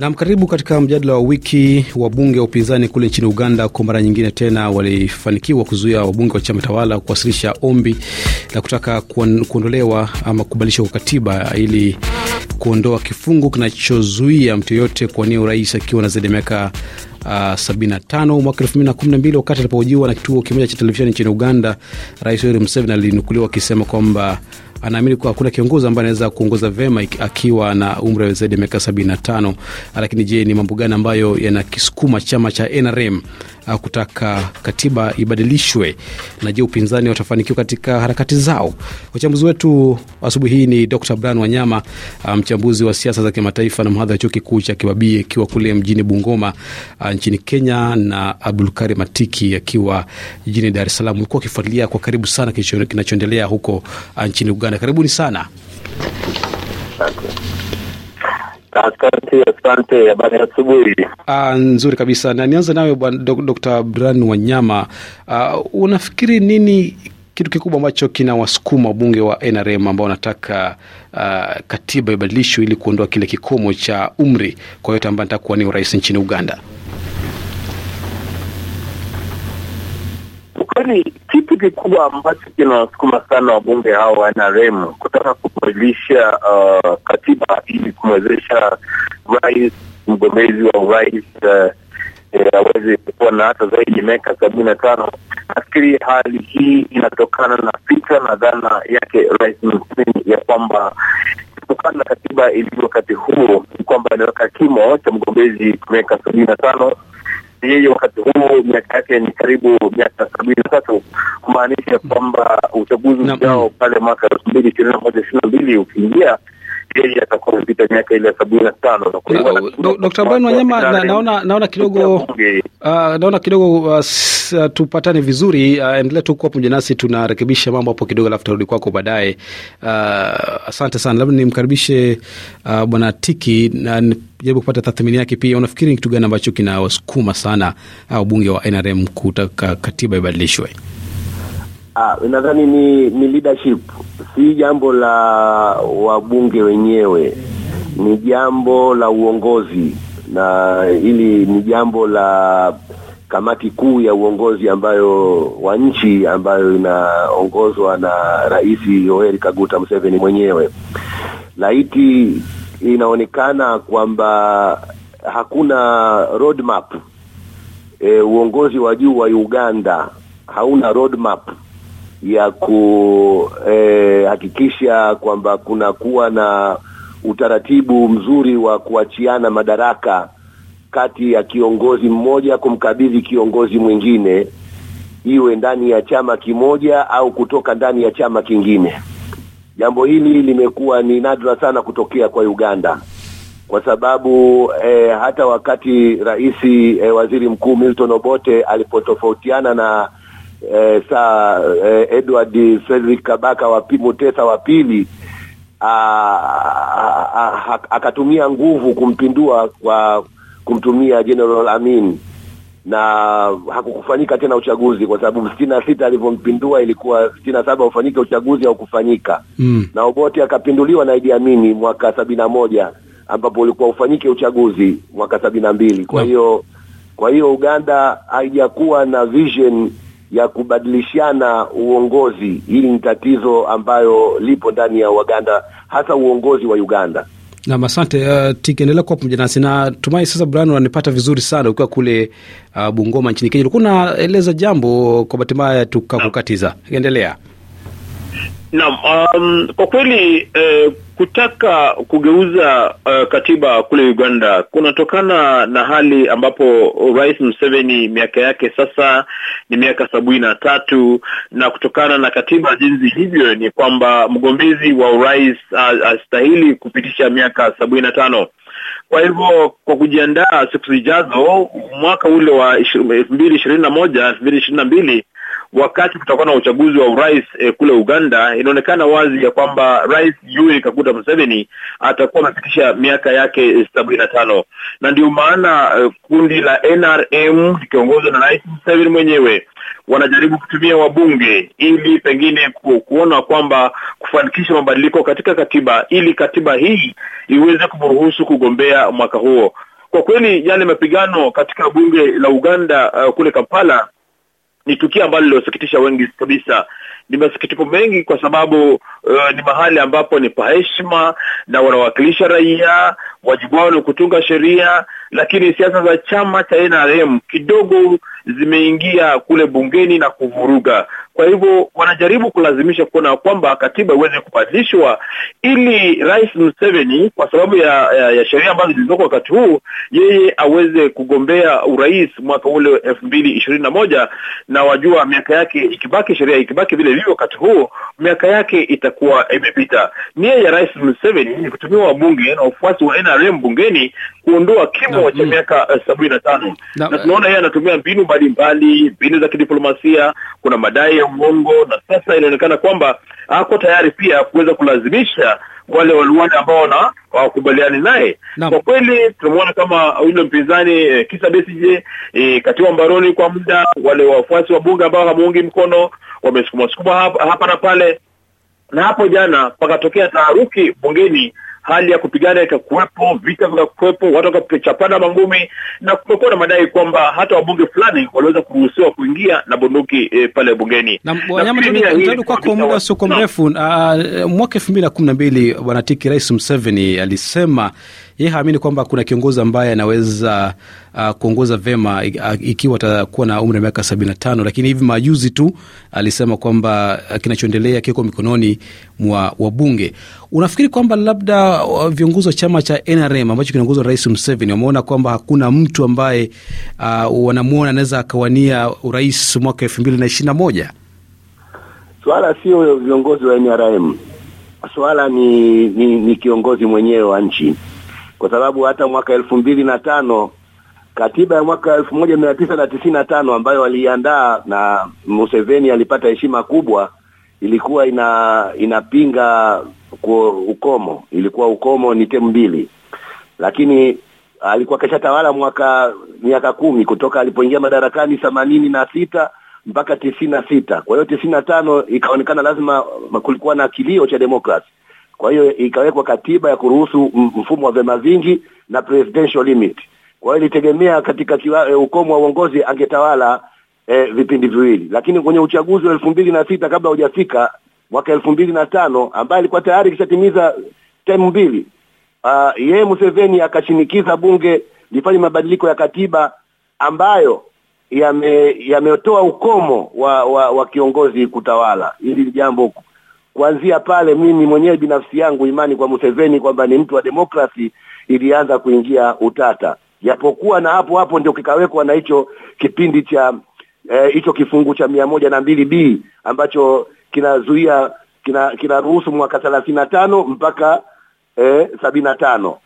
Nam, karibu katika mjadala wa wiki. Wabunge wa upinzani kule nchini Uganda kwa mara nyingine tena walifanikiwa kuzuia wabunge wa chama tawala kuwasilisha ombi la kutaka kuondolewa ama kubadilishwa kwa katiba ili kuondoa kifungu kinachozuia mtu yoyote kuwania urais akiwa na zaidi ya miaka uh, ah, 75 mwaka 2012. Wakati alipohojiwa na kituo kimoja cha televisheni nchini Uganda, Rais Yoweri Museveni alinukuliwa akisema kwamba anaamini kuwa hakuna kiongozi ambaye anaweza kuongoza vema akiwa na umri wa zaidi ya miaka sabini na tano. Lakini je, ni mambo gani ambayo yanakisukuma chama cha NRM ah, kutaka katiba ibadilishwe, na je upinzani watafanikiwa katika harakati zao? Wachambuzi wetu asubuhi hii ni Dr Brian Wanyama, ah, mchambuzi wa siasa za kimataifa na mhadhiri wa chuo kikuu cha Kibabii akiwa kule mjini Bungoma ah, nchini Kenya, na Abdulkari Matiki akiwa jijini Dar es Salaam. Ulikuwa ukifuatilia kwa karibu sana kinachoendelea huko nchini Uganda Uganda. Karibuni sana. Asante, asante. Habari ya asubuhi. Ah, nzuri kabisa, na nianze nawe bwana Dr. Abdurani Wanyama. Ah, unafikiri nini kitu kikubwa ambacho kinawasukuma wabunge wa NRM ambao wanataka uh, katiba ibadilishwe ili kuondoa kile kikomo cha umri kwa yote ambaye anataka kuwania urais nchini Uganda? Ukweli kitu kikubwa ambacho kinawasukuma sana wabunge hao wa NRM kutaka kubadilisha uh, katiba ili kumwezesha rais mgombezi wa urais uh, aweze kuwa na hata zaidi ya miaka sabini na tano. Nafikiri hali hii inatokana na fikra na dhana yake Rais Museveni ya kwamba kutokana na katiba ilivyo wakati huo kwamba inaweka kimo cha mgombezi miaka sabini na tano yeye wakati huu miaka yake ni karibu miaka sabini na tatu kumaanisha kwamba uchaguzi ujao pale mwaka elfu mbili ishirini na moja ishirini na mbili ukiingia yeye atakuwa amepita miaka ile sabini na tano. Dokta Brian Wanyama, naona naona kidogo uh, naona kidogo uh, uh tupatane vizuri uh, endelea tu kuwa pamoja nasi, tunarekebisha mambo hapo kidogo, alafu tarudi kwako baadaye. Uh, asante sana, labda nimkaribishe uh, bwana Tiki na jaribu kupata tathmini yake pia. Unafikiri ni kitu gani ambacho kinawasukuma sana au uh, wa NRM kutaka katiba ibadilishwe? Ah, nadhani ni, ni leadership, si jambo la wabunge wenyewe, ni jambo la uongozi, na hili ni jambo la kamati kuu ya uongozi ambayo wa nchi ambayo inaongozwa na Rais Yoweri Kaguta Museveni mwenyewe. Laiti inaonekana kwamba hakuna roadmap e, uongozi wa juu wa Uganda hauna roadmap ya kuhakikisha e, eh, kwamba kunakuwa na utaratibu mzuri wa kuachiana madaraka kati ya kiongozi mmoja kumkabidhi kiongozi mwingine, iwe ndani ya chama kimoja au kutoka ndani ya chama kingine. Jambo hili limekuwa ni nadra sana kutokea kwa Uganda kwa sababu eh, hata wakati rais eh, waziri mkuu Milton Obote alipotofautiana na eh, saa eh, Edward Frederick Kabaka wa Mutesa wa pili akatumia nguvu kumpindua kwa kumtumia General Amin na hakukufanyika tena uchaguzi kwa sababu sitini na sita alivyompindua ilikuwa sitini na saba ufanyike uchaguzi au kufanyika mm. na Obote akapinduliwa na Idi Amini mwaka sabini na moja ambapo ulikuwa ufanyike uchaguzi mwaka sabini na mbili kwa hiyo kwa hiyo Uganda haijakuwa na vision ya kubadilishana uongozi. Hili ni tatizo ambayo lipo ndani ya Waganda, hasa uongozi wa Uganda. Nam, asante uh, tikiendelea kuwa pamoja nasi na tumai sasa. Brian, unanipata vizuri sana ukiwa kule uh, Bungoma nchini Kenya. Ulikuwa unaeleza jambo, kwa bahati mbaya tukakukatiza. Endelea. Naam, um, kwa kweli eh, kutaka kugeuza uh, katiba kule Uganda kunatokana na hali ambapo Rais Museveni miaka yake sasa ni miaka sabini na tatu, na kutokana na katiba jinsi hivyo ni kwamba mgombezi wa urais astahili kupitisha miaka sabini na tano. Kwa hivyo kwa kujiandaa siku zijazo, mwaka ule wa elfu mbili ishirini na moja elfu mbili ishirini na mbili wakati kutakuwa na uchaguzi wa urais e, kule Uganda, inaonekana wazi ya kwamba Rais Yoweri Kaguta Museveni atakuwa amepitisha miaka yake eh, sabini na tano na ndio maana e, kundi la NRM likiongozwa na Rais Museveni mwenyewe wanajaribu kutumia wabunge ili pengine ku, kuona kwamba kufanikisha mabadiliko katika katiba ili katiba hii iweze kumruhusu kugombea mwaka huo. Kwa kweli yale mapigano katika bunge la Uganda uh, kule Kampala ni tukio ambalo lilosikitisha wengi kabisa. Ni masikitiko mengi kwa sababu uh, ni mahali ambapo ni pa heshima na wanawakilisha raia, wajibu wao ni kutunga sheria, lakini siasa za chama cha NRM kidogo zimeingia kule bungeni na kuvuruga. Kwa hivyo wanajaribu kulazimisha kuona kwamba katiba iweze kubadilishwa ili Rais Museveni kwa sababu ya, ya, ya sheria ambazo zilizoko wakati huu yeye aweze kugombea urais mwaka ule elfu mbili ishirini na moja na wajua miaka yake ikibaki, sheria ikibaki vile ilivyo wakati huu miaka yake ita itakuwa imepita. Nia ya Rais Museveni ni kutumia wabunge na wafuasi wa NRM bungeni kuondoa kimo cha miaka uh, sabini na tano na tunaona yeye anatumia mbinu mbalimbali, mbinu za kidiplomasia, kuna madai ya uongo, na sasa inaonekana kwamba ako tayari pia kuweza kulazimisha wale waliwale ambao na wakubaliani naye. Kwa kweli tunamwona kama yule mpinzani eh, Kizza Besigye eh, katiwa mbaroni kwa muda, wale wafuasi wa bunge ambao hamuungi mkono wamesukumwa hapa, hapa na pale na hapo jana pakatokea taharuki bungeni, hali ya kupigana ikakuwepo, vita vikakuwepo, watu wakachapana mangumi, na kumekuwa na madai kwamba hata wabunge fulani waliweza kuruhusiwa kuingia na bunduki e, pale bungeni. Narudi kwako, muda sio mrefu. Uh, mwaka elfu mbili na kumi na mbili bwana Tiki, Rais Museveni alisema yeye haamini kwamba kuna kiongozi ambaye anaweza uh, kuongoza vema uh, ikiwa atakuwa na umri wa miaka sabini na tano. Lakini hivi majuzi tu alisema kwamba uh, kinachoendelea kiko mikononi mwa wabunge. Unafikiri kwamba labda uh, viongozi wa chama cha NRM ambacho kinaongozwa Rais Museveni wameona kwamba hakuna mtu ambaye uh, wanamwona anaweza akawania urais mwaka elfu mbili na ishirini na moja? Swala sio viongozi wa NRM, swala ni, ni, ni kiongozi mwenyewe wa nchi kwa sababu hata mwaka elfu mbili na tano katiba ya mwaka elfu moja mia tisa na tisini na tano ambayo waliiandaa na Museveni alipata heshima kubwa, ilikuwa ina inapinga ukomo, ilikuwa ukomo ni temu mbili, lakini alikuwa tawala mwaka miaka kumi kutoka alipoingia madarakani themanini na sita mpaka tisini na sita. Kwa hiyo tisini na tano ikaonekana lazima kulikuwa na kilio cha demokrasi kwa hiyo ikawekwa katiba ya kuruhusu mfumo wa vyama vingi na presidential limit. Kwa hiyo ilitegemea katika kiwa, e, ukomo wa uongozi angetawala e, vipindi viwili, lakini kwenye uchaguzi wa elfu mbili na sita kabla hujafika mwaka elfu mbili na tano ambaye alikuwa tayari kishatimiza temu mbili, uh, yeye Museveni akashinikiza bunge lifanye mabadiliko ya katiba ambayo yametoa yame ukomo wa, wa, wa kiongozi kutawala. Hili jambo Kuanzia pale mimi mwenyewe binafsi yangu imani kwa Museveni kwamba ni mtu wa demokrasi ilianza kuingia utata, japokuwa na hapo hapo ndio kikawekwa na hicho kipindi cha eh, hicho eh, kifungu cha mia moja na mbili b ambacho kinazuia kina kinaruhusu mwaka thelathini na tano mpaka eh, sabini na tano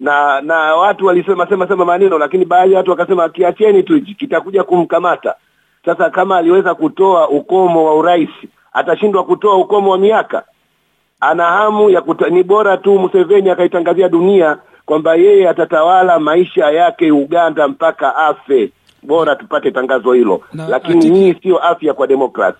na na watu walisema sema sema maneno, lakini baadhi ya watu wakasema kiacheni tu, kitakuja kumkamata. Sasa kama aliweza kutoa ukomo wa urais atashindwa kutoa ukomo wa miaka? Ana hamu ya kuta, ni bora tu Museveni akaitangazia dunia kwamba yeye atatawala maisha yake Uganda mpaka afe, bora tupate tangazo hilo na, lakini atiki... hii siyo afya kwa demokrasi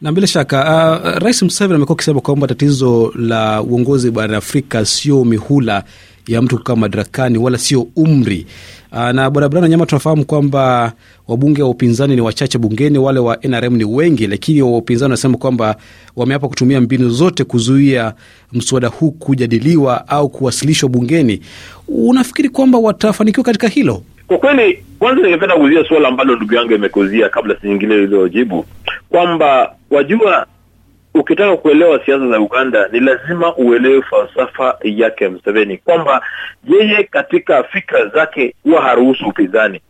na bila shaka uh, Rais Museveni amekuwa akisema kwamba tatizo la uongozi barani Afrika sio mihula ya mtu kukaa madarakani, wala sio umri. Ah, na Bwana Nyama, tunafahamu kwamba wabunge wa upinzani ni wachache bungeni, wale wa NRM ni wengi, lakini wa upinzani wanasema kwamba wameapa kutumia mbinu zote kuzuia mswada huu kujadiliwa au kuwasilishwa bungeni. Unafikiri kwamba watafanikiwa katika hilo? Kwa kweli, kwanza ningependa kuzia suala ambalo ndugu yangu imekuzia kabla si nyingine ilizojibu kwamba wajua ukitaka kuelewa siasa za Uganda ni lazima uelewe falsafa yake Museveni, kwamba yeye katika fikra zake huwa haruhusu upinzani,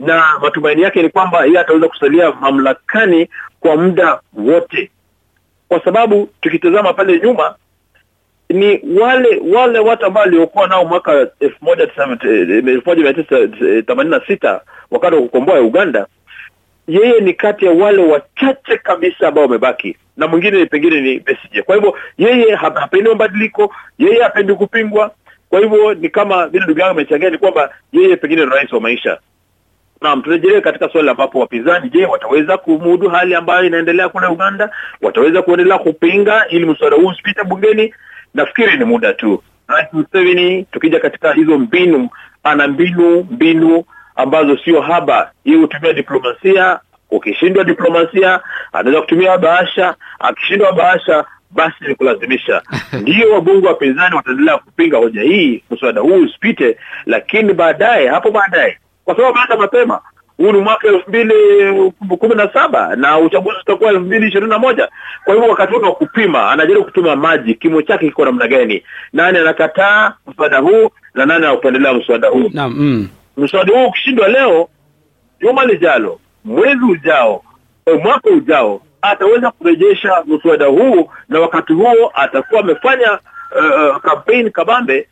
na matumaini yake ni kwamba yeye ataweza kusalia mamlakani kwa muda wote, kwa sababu tukitazama pale nyuma ni wale wale watu ambao waliokuwa nao mwaka elfu moja mia eh, themanini na sita wakati wa kukomboa Uganda. Yeye ni kati ya wale wachache kabisa ambao wamebaki na mwingine pengine ni Besigye. Kwa hivyo yeye hapendi mabadiliko, yeye hapendi kupingwa. Kwa hivyo ni kama vile ndugu yangu amechangia, ni kwamba yeye pengine ni rais wa maisha. Naam, turejelee katika swali ambapo wapinzani, je, wataweza kumudu hali ambayo inaendelea kule Uganda? Wataweza kuendelea kupinga ili mswada huu usipite bungeni? Nafikiri ni muda tu. Rais Museveni, tukija katika hizo mbinu, ana mbinu mbinu ambazo sio haba. Yeye hutumia diplomasia, Ukishindwa diplomasia, anaweza kutumia bahasha. Akishindwa bahasha, basi ni kulazimisha. Ndio wabunge wapinzani wataendelea kupinga hoja hii, mswada huu usipite, lakini baadaye, hapo baadaye, kwa sababu baada mapema huu ni mwaka elfu mbili kumi na saba na uchaguzi utakuwa elfu mbili ishirini na moja Kwa hivyo wakati wote wa kupima, anajaribu kutuma maji, kimo chake kiko namna gani, nani anakataa mswada huu na nani anaupendelea mswada huu. Mm. mswada huu ukishindwa leo, juma lijalo mwezi ujao au mwaka ujao ataweza kurejesha mswada huu, na wakati huo atakuwa amefanya uh, uh, campaign kabambe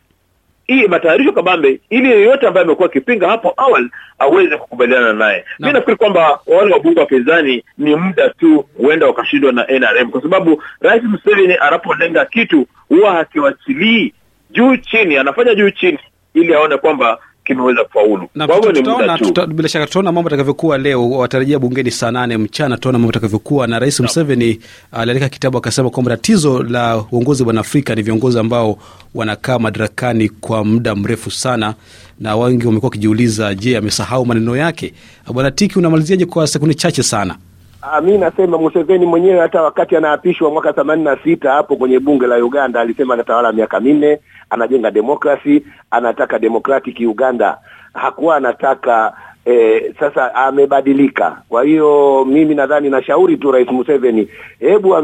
hii matayarisho kabambe ili yeyote ambaye amekuwa akipinga hapo awali aweze kukubaliana naye. Mimi nafikiri kwamba wale wabunge wa pinzani ni muda tu, huenda wakashindwa na NRM kwa sababu Rais Museveni anapolenga kitu huwa hakiwachilii juu chini, anafanya juu chini ili aone kwamba kimeweza kufaulu. Bila shaka tutaona mambo atakavyokuwa leo, watarajia bungeni saa nane mchana, tutaona mambo atakavyokuwa. Na Rais Museveni uh, aliandika kitabu akasema kwamba tatizo la uongozi wa Afrika ni viongozi ambao wanakaa madarakani kwa muda mrefu sana, na wengi wamekuwa wakijiuliza, je, amesahau maneno yake? Bwana Tiki, unamaliziaje kwa sekundi chache sana? Ah, mi nasema Museveni mwenyewe hata wakati anaapishwa mwaka themanini na sita hapo kwenye bunge la Uganda alisema anatawala miaka minne, anajenga demokrasi, anataka democratic Uganda. Hakuwa anataka E, sasa amebadilika. Kwa hiyo mimi nadhani nashauri tu Rais Museveni, hebu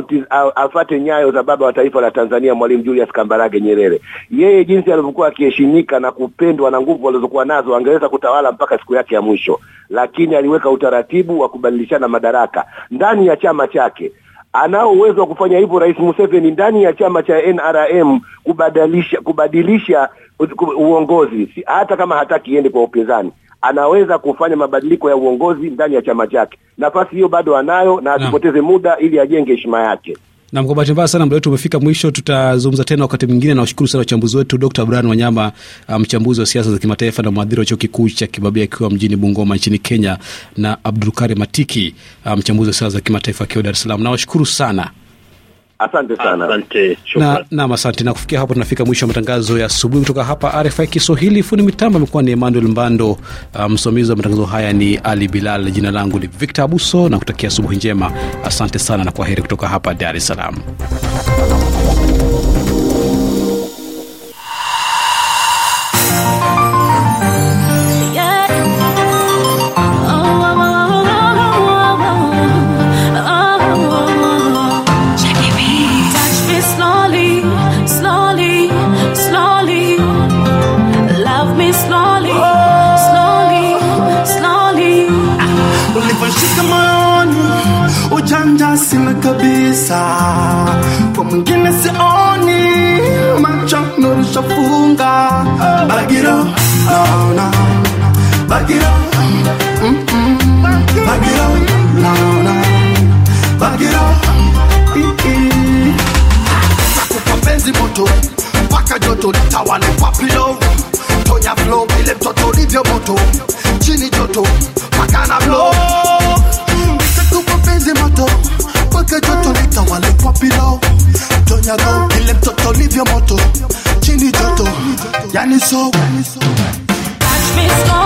afate nyayo za baba wa taifa la Tanzania Mwalimu Julius Kambarage Nyerere. Yeye jinsi alivyokuwa akiheshimika na kupendwa na nguvu alizokuwa nazo, angeweza kutawala mpaka siku yake ya mwisho, lakini aliweka utaratibu wa kubadilishana madaraka ndani ya chama chake. Anao uwezo wa kufanya hivyo Rais Museveni ndani ya chama cha NRM kubadilisha kubadilisha uongozi, hata kama hataki iende kwa upinzani anaweza kufanya mabadiliko ya uongozi ndani ya chama chake. Nafasi hiyo bado anayo na asipoteze muda ili ajenge heshima yake. Nam, kwa bahati mbaya sana muda wetu umefika mwisho. Tutazungumza tena wakati mwingine. Nawashukuru sana wachambuzi wetu, Dr Brian Wanyama, uh, mchambuzi um, wa siasa za kimataifa na mhadhiri wa chuo kikuu cha kibabi akiwa mjini Bungoma nchini Kenya, na Abdulkari Matiki, uh, mchambuzi um, wa siasa za kimataifa akiwa Dar es Salaam. Nawashukuru sana. Asante sana, asante na nam, asante. Na kufikia hapo tunafika mwisho wa matangazo ya asubuhi kutoka hapa RFI Kiswahili. Fundi mitambo amekuwa ni Emmanuel Mbando, ah, msimamizi um, wa matangazo haya ni Ali Bilal. Jina langu ni Victor Abuso na kutakia asubuhi njema. Asante sana na kwa heri kutoka hapa Dar es Salaam. Launa, back it mpaka joto nitawane papilo tonya flow vile mtoto ulivyo moto chini joto mpaka na flow nitakupa moto mpaka joto nitawale papilo tonya go vile mtoto ulivyo moto chini joto yani so, yani so. It's gone.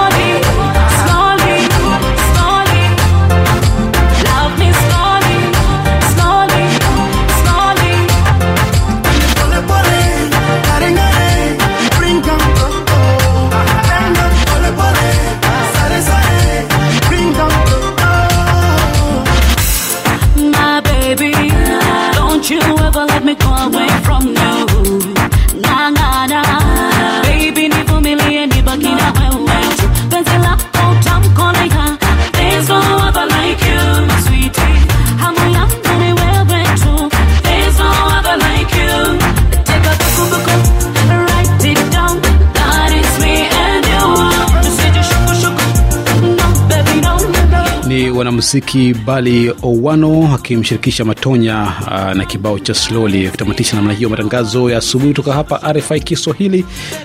muziki Bali Owano akimshirikisha Matonya aa, uh, na kibao cha slowly. akitamatisha namna hiyo matangazo ya asubuhi kutoka hapa RFI Kiswahili.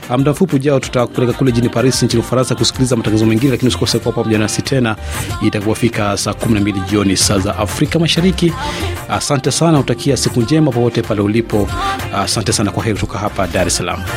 Uh, muda mfupi ujao tutakupeleka kule jini Paris nchini Ufaransa kusikiliza matangazo mengine, lakini usikose kuwa pamoja nasi tena itakapofika saa 12 jioni saa za Afrika Mashariki. Asante sana, utakia siku njema popote pale ulipo. Asante sana, kwa heri kutoka hapa Dar es Salaam.